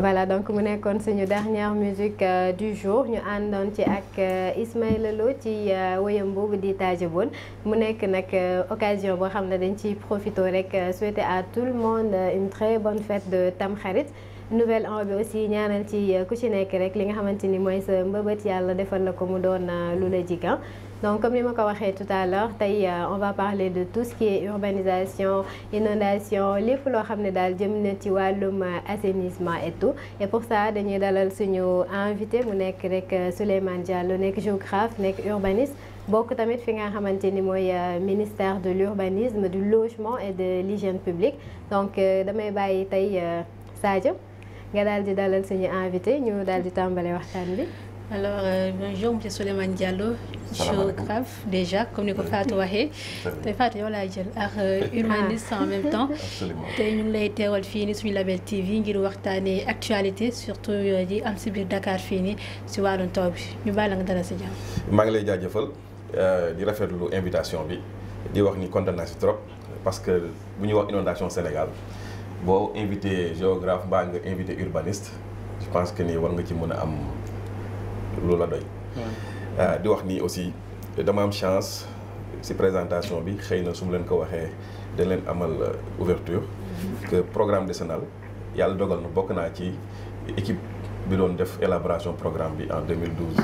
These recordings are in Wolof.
voilà donc mu nekkoon suñu dernière musique euh, du jour ñu àndoon ci ak euh, Ismaël Lo ci euh, wéyam boobu di Tajabone mu nekk nag occasion boo xam ne dañ ci profité rek souhaiter à tout le monde une très bonne fête de Tamxarit nouvelle an bi aussi ñaanal ci ku ci nekk rek li nga xamante ni mooy sa mbëbët yàlla defal la ko mu doon lu la jigan donc comme ni ma ko waxee tout à l'heure tey euh, on va parler de tout ce qui est urbanisation inondation lépp loo xam ne daal jëm na ci wàllum euh, assainissement et tout et pour ça dañuy dalal suñu invité mu nekk rek euh, Souleymane Diallo nekk géographe nekk urbaniste bokk tamit fi nga xamante ni mooy ministère de l'urbanisme du logement et de l'hygiène publique donc damay bàyyi tey Sadio nga daal di dalal suñu invité ñu daal di tàmbale waxtaan bi alors euh, bonjour monsieur Souleymane Diallo. géographe déjà comme ni ko Fatou waxee. te Fatou yow laa jël ak euh, humaniste en même temps. te ñu lay teewal fii ni suñu Label TV ngir waxtaanee actualité surtout euh, di am si biir Dakar fii nii si wàllum taw bi ñu bàyyi la nga dara si jàmm. maa ngi lay jaajëfal euh, di rafetlu invitation bi di wax ni kontaan naa parce que bu ñuy wax inondation Sénégal boo invité géographe mbaa nga invité urbaniste je pense que ni war nga ci mën a am. lu la doy. Euh, di wax nii aussi dama am chance ci présentation bi xëy na su mu leen ko waxee dañ leen amal euh, ouverture mm-hmm. que programme décennal yàlla dogal na bokk naa ci équipe bi doon def élaboration programme bi en 2012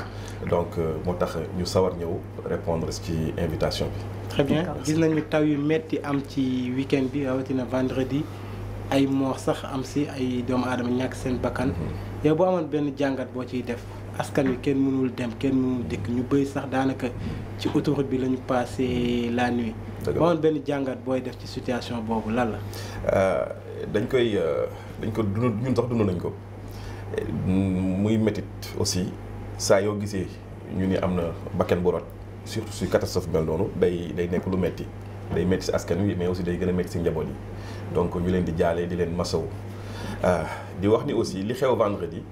donc euh, moo tax ñu sawar ñëw répondre ci invitation bi. très bien gis taw yu metti am ci week-end bi rawatina vendredi ay moor sax am si ay doomu aadama ñàkk seen bakkan. Mm-hmm. yow boo amoon benn jàngat boo ciy def. askan wi kenn mënul dem kenn mënul dikk ñu bëri sax daanaka ci autoroute bi lañu ñu la nuit. dëgg la benn jàngat booy def ci situation boobu lan la. Euh, dañ koy euh, dañ ko dund ñun sax dund nañ ko muy métit aussi saa yoo gisee ñu ni am na bakken bu rot surtout si catastrophe mel day day nekk lu metti day metti si askan wi mais aussi day gën a metti si njaboot yi donc ñu leen di jaalee di leen masawu euh, di wax ni aussi li xew vendredi.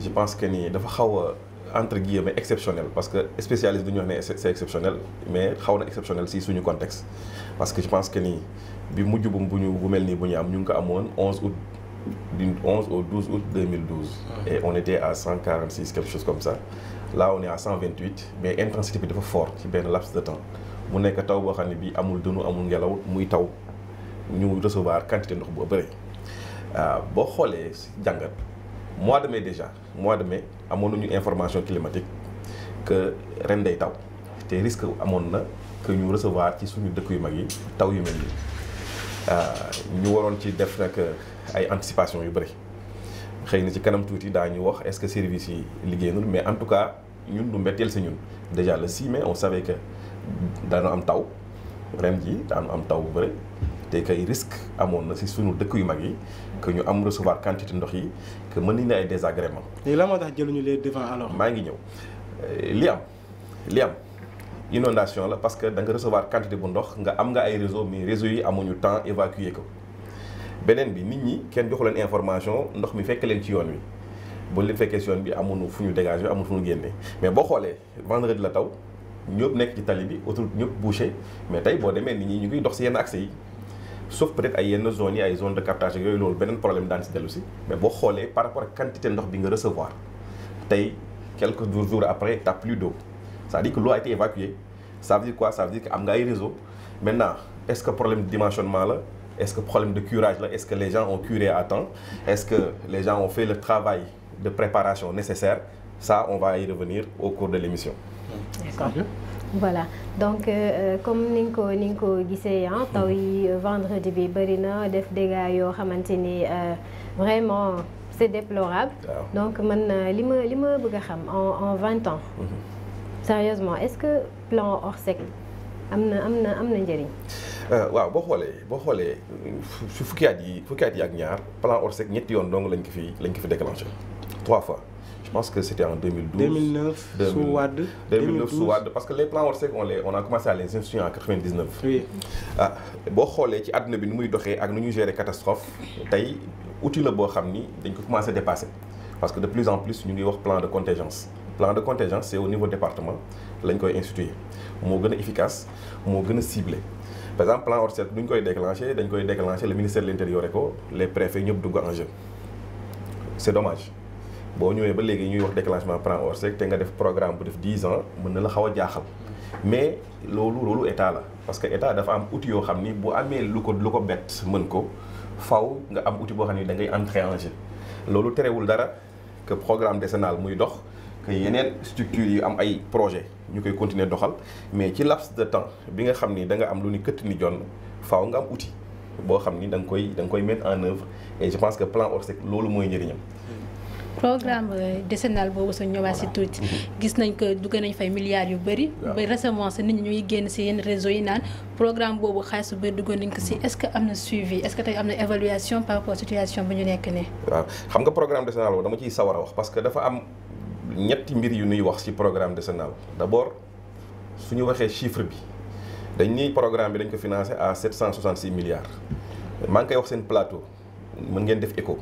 je pense que nii dafa xaw a entre guillemets exceptionnel parce que spécialiste du ñu wax ne c'est exceptionnel mais xaw na exceptionnel si suñu contexte. parce que je pense que ni bi mujj bu bu ñu bu mel nii bu ñu am ñu ngi ko amoon 11 août du 11 au 12 août 2012. Ah. et à 146 quelque chose comme ça là on est à 128 mais intensité bi dafa fort ci benn laps de nekk taw boo xam ne bii amul dënu amul ngelaw muy taw ñu recevoir quantité ndox bu bëri ah, boo xoolee jàngat. mois de mais déjà mois de mai amoon ñu information climatique que ren day taw te risque amoon na que ñu recevoir ci suñu dëkk yu mag yi taw yu mel nii euh, ñu waroon ci def nag euh, ay anticipation yu bëri xëy na ci kanam tuuti ñu wax est-ce que service yi liggéey liggéeyanul mais en tout cas ñun du mbetteel si ñun déjà le 6 mai on save que daanu am taw ren ji daanu am taw bu bëri te kay risque amoon na si suñu dëkk yu mag yi que ñu am recevoir quantité ndox yi que mën nañu ne ay désagréments. léegi lan moo tax jëluñu les devants alors. maa ngi ñëw euh, li am li am inondation la parce que da nga recevoir quantité bu ndox nga am nga ay réseau mais réseau yi amuñu temps évacuer ko beneen bi nit ñi kenn joxu leen information ndox mi fekk leen ci yoon wi. bu li fekkee si yoon bi amuñu fu ñu dégager amuñu fu ñu génnee mais boo xoolee vendredi la taw ñëpp nekk ci tali bi auto ñëpp bouché mais tey boo demee nit ñi ñu ngi dox si yenn accès yi sauf peut-être ay yenn zones yi ay zone de captage yooyu loolu beneen problème daan si dellu si mais boo xoolee par rapport ak quantité ndox bi nga recevoir tey quelques jours après t'as plus d'eau cest à que l'eau a été évacuée ça veut quoi ça veut que am nga ay réseau maintenant est-ce que problème de dimensionnement la est-ce que problème de curage la est-ce que les gens ont curé à temps est les gens ont fait le travail de préparation nécessaire ça on revenir au cours de l'émission d'accord voilà donc euh, comme ni nga ko ni nga ko gisee ah taw yi euh, vendredi bi bëri na def dégâts yoo xamante ni euh, vraiment c'est déplorable donc mën na li ma li ma bëgg a xam en en vingt ans mhm. sérieusement est-ce que plan Orsec am na am na am na njëriñ waaw boo xoolee boo xoolee su fukki at yi fukki at yi ak ñaar plan Orsec ñetti yoon dong lañ ko fi lañ ko fi déclenché trois fois parce que c'était en 2012. 2009 parce que les plans Orsec on les on a commencé à les instituer en 99. Ah, boo xoolee ci àdduna bi nu muy doxee ak nu ñu gérer catastrophe tey outil la boo xam ni dañ ko commencé dépasser parce que de plus en plus ñu ngi wax plan de contingence. plan de contingence c'est au niveau département lañ koy instituer moo gën a efficace moo gën a ciblé. par exemple plan Orsec du ñu koy déclenché dañ koy déclenché le ministère de l'intérieur ko les préfets ñëpp dugg en jeu c'est boo ñëwee ba léegi ñuy wax déclenchement plan Orsec te nga def programme bu def 10 ans mën na la xaw a jaaxal mais loolu loolu état la parce que état dafa am uti yoo xam ni bu amee lu ko lu ko bett mën ko faw nga am uti boo xam ni da ngay entrer en jeu loolu terewul dara que programme décennal muy dox yeneen structures yu am ay projet ñu koy continuer doxal mais ci laps de temps bi nga xam ni da nga am lu ni këtt ni jonn nga am outil boo xam ni da koy da koy mettre en œuvre et je pense que plan Orsec loolu mooy njëriñam programme euh, décennal boobu sa ñëwaat si tuuti. gis nañ ko dugg nañ fay milliards yu bëri. ba récemment sa nit ñi ñuy génn si yenn réseau yi naan programme boobu xaalis bu bëri duggoon nañ ko si est-ce que am na suivi est-ce am na évaluation par rapport situation bi ñu nekk nii. waaw xam nga programme décennal boobu dama ciy sawar a wax parce que dafa am ñetti mbir yu nuy wax si programme décennal d'abord su ñu waxee chiffre bi dañ ni programme bi dañ ko financé à 766 milliards maa ngi koy wax seen plateau mën ngeen def écho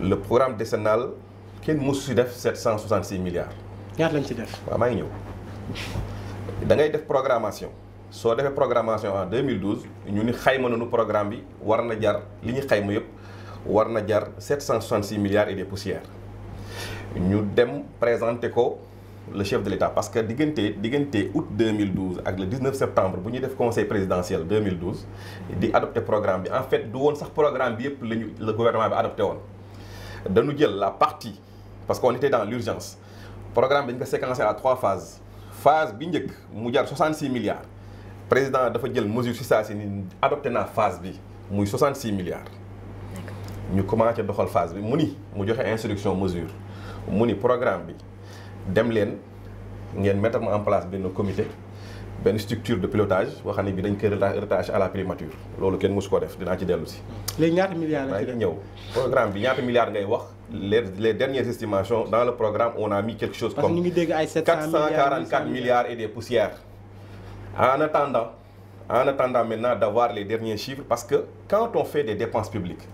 le programme kenn mosu si def 766 milliards. ñaata lañ ci def. waaw maa ngi ñëw da ngay def programmation soo defee programmation en 2012 ñu ni xayma nu programme bi war na jar li ñu xayma yëpp war na jar 766 milliards et des poussières ñu dem présenter ko le chef de l'État parce que diggante diggante août 2012 ak le 19 septembre bu ñuy def conseil présidentiel 2012 di adopté programme bi en fait du woon sax programme bi yëpp lañu le gouvernement bi adopté woon dañu jël la partie. parce qu'on était dans l'urgence programme bi ñu ko séquencé a trois phases phase bi njëkk mu jar 66 milliards le président dafa jël mesure si saa si ni adopté naa phase bi muy 66 milliards ñu commencé doxal phase bi mu ni mu joxe instruction mesure mu ni programme bi dem leen ngeen mettre en place benn comité benn structure de pilotage boo xam ne bi dañ koy rattaché à la primature loolu kenn mosu ko def dinaa ci dellu si léegi ñaata milliards la ci def ñëw ngay wax les les dernières estimations dans le programme on a mis quelque chose Parce comme. ñu ngi dégg ay 744 milliards et des poussières. en attendant en attendant maintenant d'avoir les derniers chiffres parce que quand on fait des dépenses publiques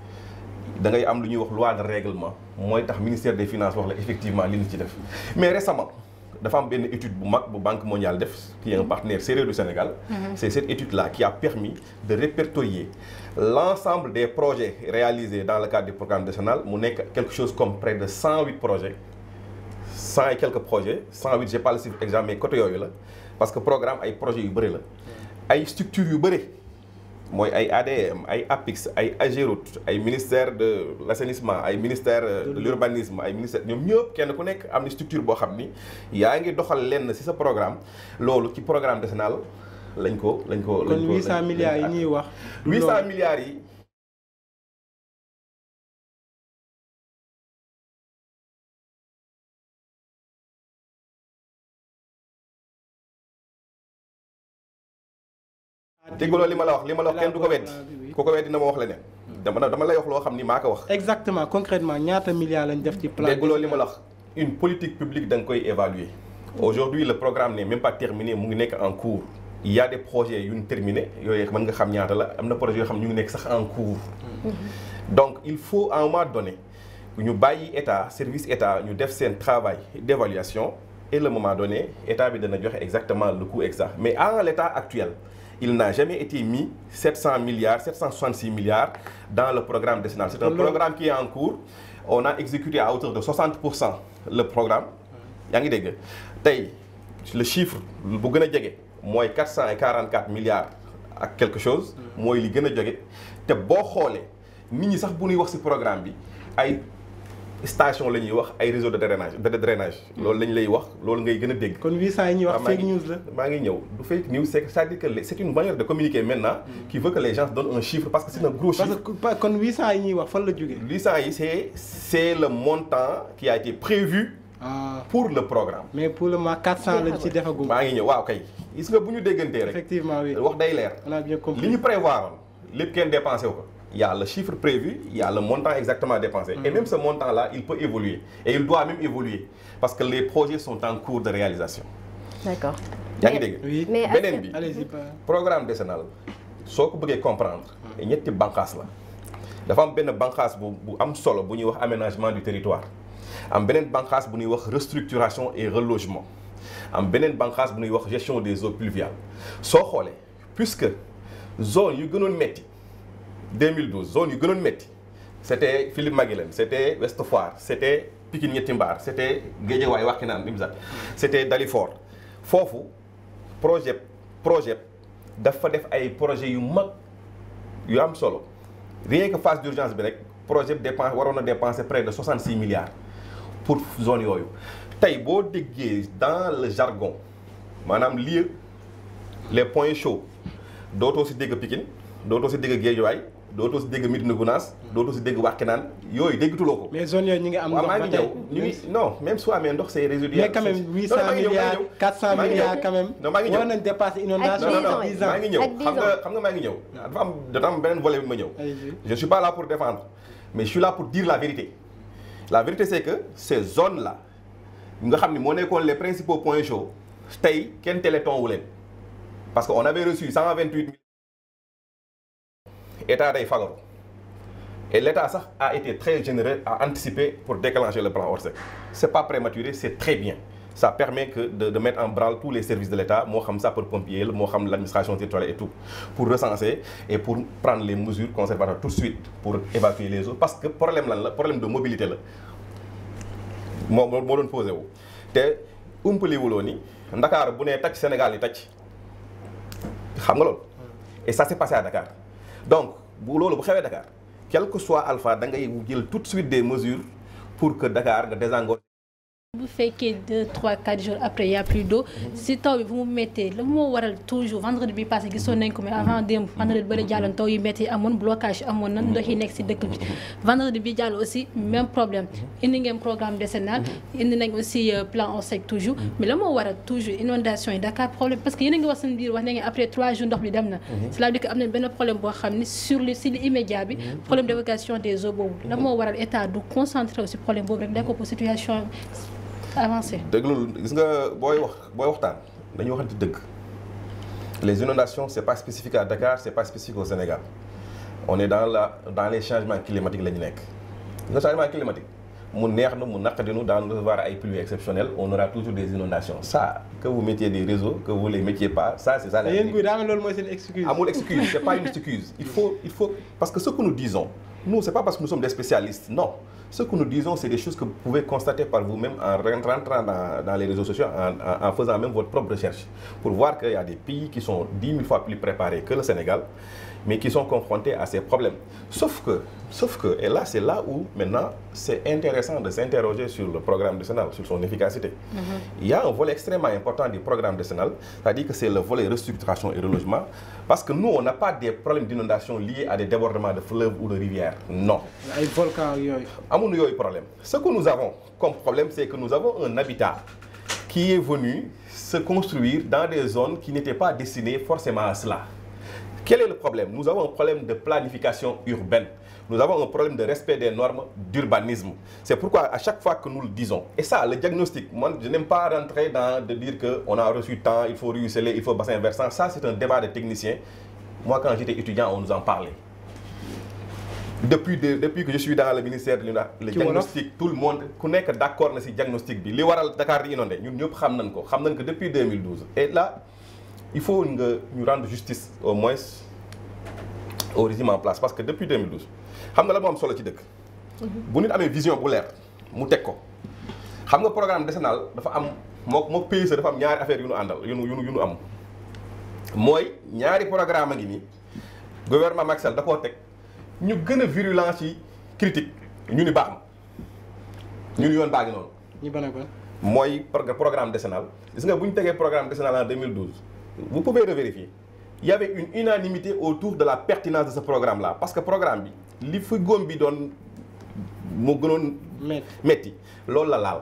da ngay am lu ñuy wax loi de règlement mooy tax ministère des finances wax la effectivement li ñu ci def mais récemment. dafa am benn étude bu mag bu Banque mondiale def qui est un partenaire du Sénégal mm-hmm. c'est cette étude là qui a permis de répertorier l'ensemble des projet réalisés dans le cadre du programme national mu nekk quelque chose comme près de 108 projets cent et quelques projets 108 j'ai pas le chiffre exact mais côté yooyu la parce que programme ay projet yu bëri la ay structures yu bëri mooy ay ADM ay APIX ay AGEROUTE ay ministère de l'assainissement ay ministère euh, de l'urbanisme ay ministère ñoom ñëpp kenn ku nekk am na structure boo xam ni yaa ngi doxal lenn ci sa programme loolu ci programme décennal lañ ko lañ ko lañ ko kon 800 milliards yi ñuy wax. 800 milliards yi. dégguloo li ma la wax li ma la wax kenn du ko weddi ku ko weddi na ma wax leneen dama dama lay wax loo xam ni maa ko wax exactement concrètement ñaata milliards lañ def ci plan dégguloo li ma la wax une politique publique da nga koy évaluer aujourd'hui le programme n'est même pas terminé mu ngi nekk en cours il y a yu ñu terminer yooyu mën nga xam ñaata la am na projet yoo xam ñu ngi nekk sax en cours mm-hmm. donc il faut en un moment donné ñu bàyyi état service état ñu def seen travail d'évaluation et le état bi dana joxe exactement le coût exact mais en l'état actuel il n'a jamais été mis 700 milliards 766 milliards dans le programme décennal c'est un programme qui est en cours on a exécuté à de 60 pour cent le programme yaa ngi dégg tey le chiffre bu gën a jege mooy 444 milliards ak quelque chose mooy li gën a jege te boo xoolee nit ñi sax bu nuy wax ci programme bi ay station la ñuy wax ay réseau de drainage de drainage. Hmm. loolu la ñu lay wax loolu ngay gën a dégg. kon 800 yi ñuy wax ah, fake news la maa ngi ñëw du fake news c'est c'est-à-dire que c'est une manière de communiquer maintenant. Hmm. qui veut que les gens donnent que c'est montant qui a été prévu. Ah. pour le programme. mais pour le moment 400 lañ ci defagum. maa ngi ñëw waaw kay gis nga bu ñu déggantee rek. effectivement oui wax day leer. on li ñu prévoir lépp kenn dépensé ko. yàlla y a le chiffre prévu, il montant exactement dépensé. Mmh. Et mhm. même ce montant-là, il peut évoluer. Et il doit même évoluer. Parce que les projets sont en cours de réalisation. D'accord. Oui. Mais beneen bi programme décennal soo ko bëggee comprendre mhm. ñetti banqaas la dafa am benn banqaas bu bu am solo bu ñuy wax aménagement du territoire am beneen banqaas bu ñuy wax restructuration et relogement am beneen banqaas bu nuy wax gestion des eaux pluviales soo xoolee puisque zone yu gënoon metti 2012 zone yu gënoon métti c' était Philippe Maguilène c' était Ouest Foire c' était Pikine ñetti mbaar c' était Guédiawaye Wakhinane Nimzatt c' était Dalifort foofu projet projet dafa def ay projet yu mag yu am solo rien que phase d' urgence bi rek projet bi dépense waroon na dépenser près de 66 milliards pour zone yooyu tey boo déggee dans le jargon maanaam lii les points chauds dootoo si dégg Pikine dootoo si dégg Guédiawaye dootoo si dégg Médina Gounass dootoo si dégg Wakhinane yooyu déggatuloo ko mais zone yooyu ñu ngi am ndox maa ngi ñëw non même su amee ndox c'est résiduel mais quand même 800 milliards 400 milliards non maa ngi ñëw war nañ dépasser inondation non maa ngi ñëw xam nga xam nga maa ngi ñëw dafa am dafa am beneen volet ma ñëw je suis pas là pour défendre mais suis là pour dire la vérité la vérité c'est que ces zones là nga xam ne moo nekkoon les principaux points chauds tey kenn téléthon wu leen parce que on avait état day fagaru et l' sax a été très généreux à anticiper pour déclencher le plan Orsec c' est pas prématuré c' est très bien ça permet que de, mettre en branle tous les services de l'État moo xam sapeur-pompier la moo xam l'administration territoriale et tout pour recenser et pour prendre les mesures conservatoires tout de suite pour évacuer les eaux parce que problème lan la problème de mobilité la moo moo doon posé wu te umpaliwuloo ni Ndakaar bu nee taj Sénégal yi taj nga loolu et ça s'est donc bu loolu bu xewee Dakar quel que soit Alpha da ngay jël tout de suite des mesures pour que Dakar nga désengorge bu fekkee deux trois quatre jours après y plus d'eau si taw bi bu mu méttee la moo waral toujours vendredi bi passé gisoon nañ ko mais avant démb vendredi bi bële jàlloon taw yu métti amoon blocage amoon na ndox yi nekk si dëkk bi vendredi bi jàll aussi même problème indi ngeen programme décennal indi nañ aussi euh, plan au sec toujours mais la moo waral toujours inondation yi Dakar problème parce que yéen a ngi wax seen biir wax ne ngeen après trois jours na mhm. cela veut dire que am na benn problème boo xam ne sur le si immédiat bi mhm. problème d'évacuation des eaux avancé dëgg loolu gis nga booy wax booy waxtaan dañu waxante dëgg les inondations c'est pas spécifique à Dakar c'est pas spécifique au Sénégal on est dans la dans les changements climatiques la ñu nekk le changement climatique mu neex na mu naq dinu daan recevoir ay pluies exceptionnelles on aura toujours des inondations ça que vous mettiez des réseaux que vous les mettiez pas ça c'est ça la yéen guy daa loolu mooy seen excuse amul excuse c'est pas Nous, ce n'est pas parce que nous sommes des spécialistes, non. Ce que nous disons, c'est des choses que vous pouvez constater par vous-même en rentrant dans, dans, les réseaux sociaux, en, faisant même votre propre recherche, pour voir qu'il y a des pays qui sont fois plus préparés que le Sénégal mais qui sont confrontés à ces problèmes. Sauf que, là c'est là où maintenant c'est intéressant de s'interroger sur le programme décennal, sur son efficacité. Mm -hmm. Il y a un volet extrêmement important du programme décennal, c'est-à-dire que c'est le volet restructuration et relogement, parce que nous on n'a pas des problèmes d'inondation liés à des débordements de fleuves ou de rivières, non. Les volcans, yooyu. Amuñu problème. Ce que nous avons comme problème, c'est que Quel est le problème Nous avons un problème de planification urbaine. Nous avons un problème de respect des normes d'urbanisme. C'est pourquoi à chaque fois que nous le disons, et ça, le diagnostic, moi je n'aime pas rentrer dans de dire qu'on a reçu tant, il faut ruisseler, il faut bassin versant. Ça, c'est un débat de techniciens. Moi, quand j'étais étudiant, on nous en parlait. Depuis, de, depuis que je suis dans le ministère de l'UNA, le diagnostic, tout il faut nga ñu rendre justice au moins au régime place parce que depuis 2012 xam nga la moo am solo ci dëkk. Mhm. bu nit amee vision bu leer mu teg ko xam nga programme décennal dafa am moo moo PSE dafa am ñaari affaire yu nu àndal yu nu yu nu am mooy ñaari programme a ngi nii gouvernement Macky Sall da koo teg ñu gën a virulent ci critique ñu ni baax na ñu ni yoon baa ngi noonu. ñu ban ak ban mooy programme décennal gis nga bu ñu tegee programme décennal en vous pouvez revérifier il y avait une unanimité autour de la pertinence de ce programme là parce que programme bi li fi góom bi doon moo gënoon métti loolu la laal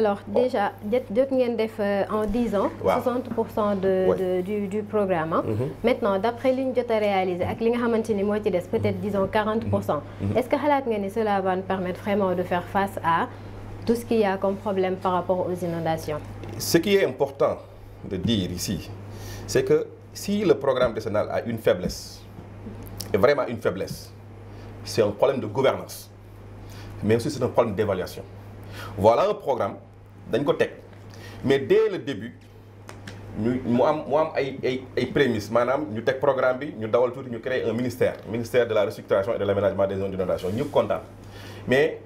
alors déjà jot ngeen def euh, en dix ans. waaw 60 pour cent de de du du programme ah. Mm d' après li ñu jot a réaliser ak li nga xamante ni moo ci des peut-être mm-hmm. disons 40 pour cent. Mm-hmm. est ce que xalaat nga ni cela va nous permettre vraiment de faire face à tout ce qu'il y a comme problème par rapport aux inondations. ce qui est de dire ici, c'est que si le programme décennal a une faiblesse, et vraiment une faiblesse, c'est un problème de gouvernance, mais aussi c'est un problème d'évaluation. Voilà un programme dañ ko teg mais dès le début ñu mu am mu am ay ay ay prémices maanaam ñu teg programme bi ñu dawal tuuti ñu créer un ministère ministère de la restructuration et de l'aménagement des zones d'inondation ñëpp kontaan mais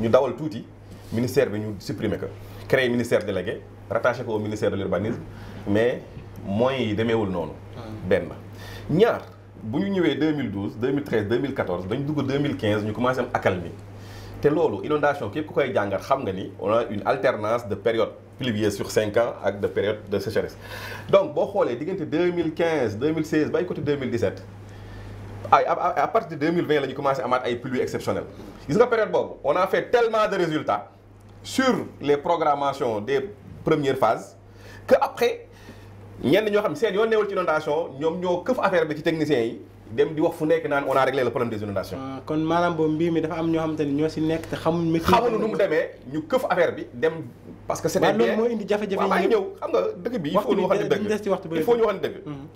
ñu dawal tuuti ministère bi ñu supprimer ko créer ministère délégué rattaché ko au ministère de l'urbanisme mais moyens yi noonu. Hmm. benn ñaar bu ñu ñëwee 2012 2013 2014 dañ dugg ñu commencé am accalmie te loolu inondation képp ku koy jàngat xam nga ni on a une alternance de période pluvieuse sur 5 ans ak de période de sécheresse donc boo xoolee diggante 2015 2016 ba ay côté 2017 ay à partir de 2020 la ñu commencé amaat ay pluies exceptionnelles gis nga période boobu on a fait de résultats. sur les programmations des premières phases que après ñenn ñoo xam seen yoon neewul ci inondation ñoom ñoo këf affaire bi ci techniciens yi dem di wax fu nekk naan on a réglé le des inondations ah, kon maanaam boobu mbir mi dafa am ñoo xam te ne ñoo si nekk te xamuñ métier mu demee ñu këf affaire bi dem parce que c'est loolu moo indi jafe-jafe ñëw xam nga dëgg bi il faut ñu waxante dëgg il faut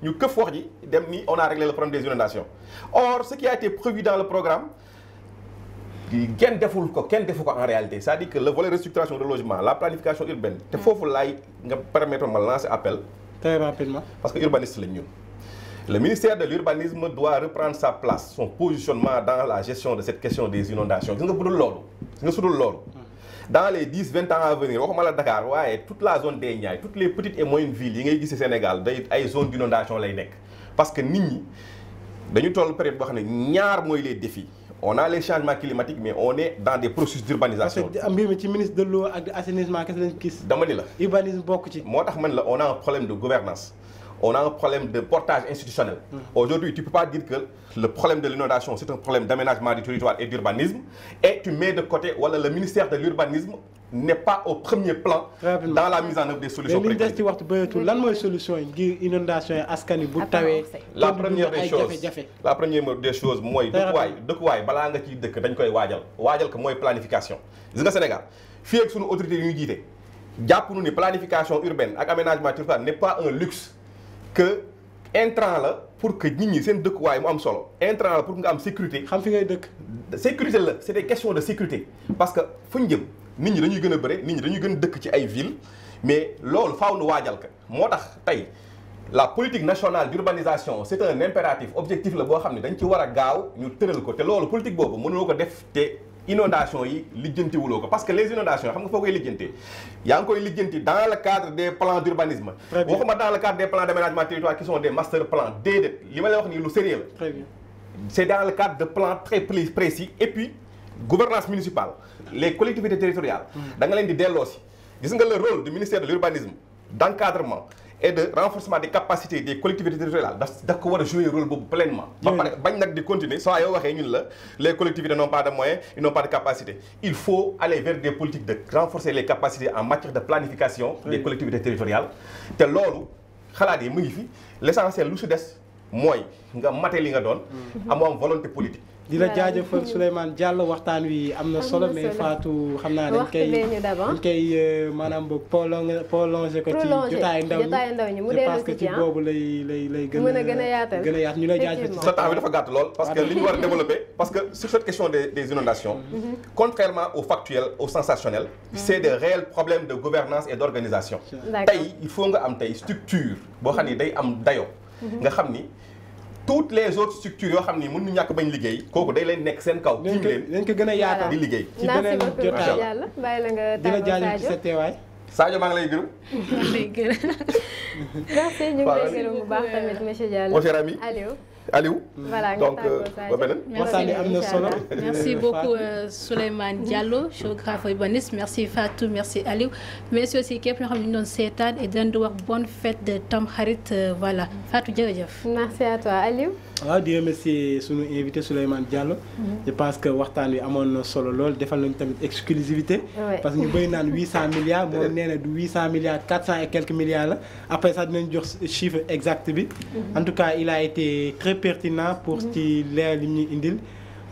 ñu këf wax ji dem ni on a réglé le des inondations or kenn deful ko kenn defu ko en réalité c'est-à-dire que le volet restructuration de la planification urbaine te hmm. foofu laay nga permettre ma lancer appel parce que urbaniste lañ ñun le ministère de l'urbanisme doit reprendre sa place son positionnement dans la gestion de cette question des inondations gis nga budul loolu gis nga sudul loolu hmm. dans les dix vingt ans à venir waxuma la Dakar waaye toute la zone des Niayes toutes les petites et moyennes villes yi ngay lay nekk parce que nit ñi dañu toll période boo xam ne ñaar les défis on a les changements climatiques mais on est dans des processus d'urbanisation. parce que mbir mi ci ministre de l'eau ak assainissement kese lañ dama ni la urbanisme bokk ci. moo tax man la on a problème de gouvernance on a un problème de portage institutionnel. Hmm. aujourd'hui tu peux pas dire que le problème de l'inondation c'est un problème d'aménagement du territoire et d'urbanisme et tu mets de côté wala le ministère de l'urbanisme n'est pas au premier plan. dans la mise en œuvre des solutions. mais li des ci waxtu lan mooy solution yi ngir inondation yi askan wi bu tawee. la première des choses la première des choses mooy. dëkkuwaay dëkkuwaay balaa nga ciy dëkk dañ koy waajal. waajal ko mooy planification gis nga Sénégal fii sunu autorité yu ñuy jiite jàpp nu ni planification urbaine ak aménagement territorial n'est pas un luxe que intrant la. pour que nit ñi seen dëkkuwaay mu am solo intrant pour nga am sécurité. xam fi ngay dëkk. sécurité la c'est des questions de sécurité parce que fu ñu jëm. nit ñi dañuy gën a bëre nit ñi dañuy gën dëkk ci ay ville mais loolu faaw nu waajal ka moo tax tey la politique nationale d'urbanisation c'est un impératif objectif la boo xam ne dañ ci war a gaaw ñu tëral ko te loolu politique boobu mënuloo ko def te inondation yi lijjantiwuloo ko parce que les inondations xam nga foo koy lijjantee yaa ngi koy lijjanti dans le cadre des plans d'urbanisme waxuma dans le cadre des plans d'aménagement territoire qui sont des master plans déedéet li ma lay wax la cadre de plans très précis et les collectivités territoriales da nga leen di delloo si gis nga le rôle du ministère de l'urbanisme d'encadrement et de renforcement des capacités des collectivités territoriales daf daf ko war a jouer rôle boobu pleinement ba pare bañ nag di continuer saa yoo waxee ñun la les collectivités n'ont pas de moyens ils n'ont pas de capacité il faut aller vers des de renforcer les capacités en matière de planification des collectivités territoriales xalaat yi mu ngi fi l'essentiel lu si des mooy nga mate li nga doon mm. amoo am volonté dina la jaajëfal Souleymane Diallo waxtaan wi am na solo mais Fatou xam naa dañ koy ah. dañ koy euh, maanaam boog prolongé prolongé ko ci jotaayu ndaw ñi je pense que ci ah. boobu lay lay gën a gën a yaatal gën a yaat ñu lay jaajëfal ci sa temps dafa gàtt lool parce que li ñu war a parce que sur cette question des des inondations mm-hmm. Mm-hmm. contrairement au factuel au sensationnel mm-hmm. c'est des réels problèmes de gouvernance et d'organisation tey il faut nga am tey structure boo xam ni day am dayo nga xam ni tout les autres structures yoo xam ni mën nu ñàkk bañ liggéey kooku day leen nekk seen kaw tiim leen leen ko gën a yaatal di liggéey ci beneen jotaay yàlla bàyyi la nga di la jaajëf ci sa teewaay Sadio lay gërëm. maa ngi ñu lay gërëm bu baax tamit monsieur ami oh. Aliou. voilà donc euh, ba beneen. merci am na solo. merci beaucoup euh, Souleymane Diallo géographe urbaniste merci Fatou merci Aliou. mais aussi képp ñoo xam ne ñu doon seetaan et di wax bonne fête de Tamxarit euh, voilà Fatou ah, mhm. je pense que waxtaan wi amoon na solo lool defal nañu tamit exclusivité. parce que ñu bëri naan milliards moom nee na du huit cent milliards quatre cent et quelques milliards la après ça dinañ jox chiffre exact bi. Mhm. en tout cas il a été pertinent pour mhm. ci leer li ñuy indil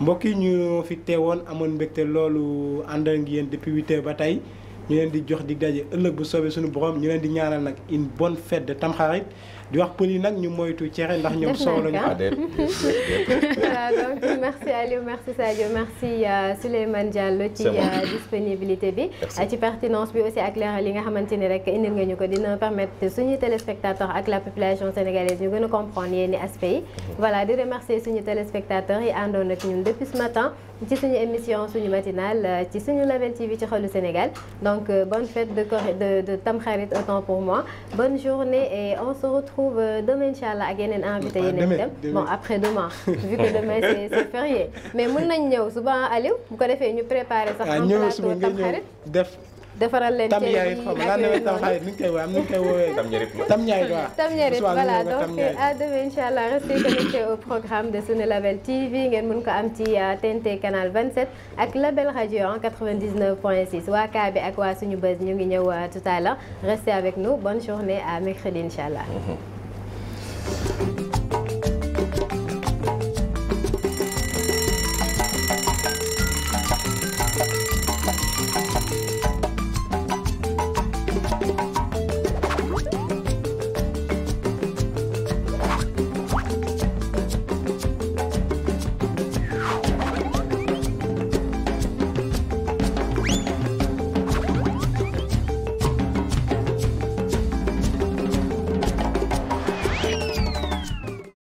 mbokk yi ñu fi teewoon amoon mbégte loolu ànd ak yéen depuis huit ba tey ñu leen di jox di daje ëllëg bu soobee suñu borom ñu leen di ñaanal nag une bonne fedd de tamxarit di wax pël yi nag ñu moytu cere ndax ñoom soow lañu voilà ah, ah, donc merci Aliou merci Sadio merci euh, Souleymane Diallo ci euh, disponibilité bi euh, ci pertinence bi aussi ak leeral nga xamante ni rek indil nga ñu ko dina permettre suñuy téléspectateurs ak la population sénégalaise ñu gën a comprendre yenn aspects yi mhm. voilà di remercier suñu téléspectateurs yi àndoon ak ñun depuis ce matin ci suñu émission suñu matinale ci suñu Label TV ci xolu Sénégal donc bonne fête de de de Tamxarit autant pour moi bonne journée et on se retrouve retrouve euh, demain incha allah ak yeneen invité yeneen ah, dem bon après demain vu que demain c'est c'est férié mais mën nañ ñëw suba Aliou bu ko defee ñu préparer sax en ah, plateau tam xarit def defaral leen ceeb yi tam yaay tam xarit ni ñu koy ñarit waaw donc à demain incha allah restez connectés au programme de Sunu Label TV ngeen mën ko am ci TNT euh, canal 27 ak Label radio en 99.6 waa kaa bi ak waa suñu bës ñu ngi ñëw euh, tout à l'heure restez avec nous bonne journée à mercredi incha allah. Mm-hmm.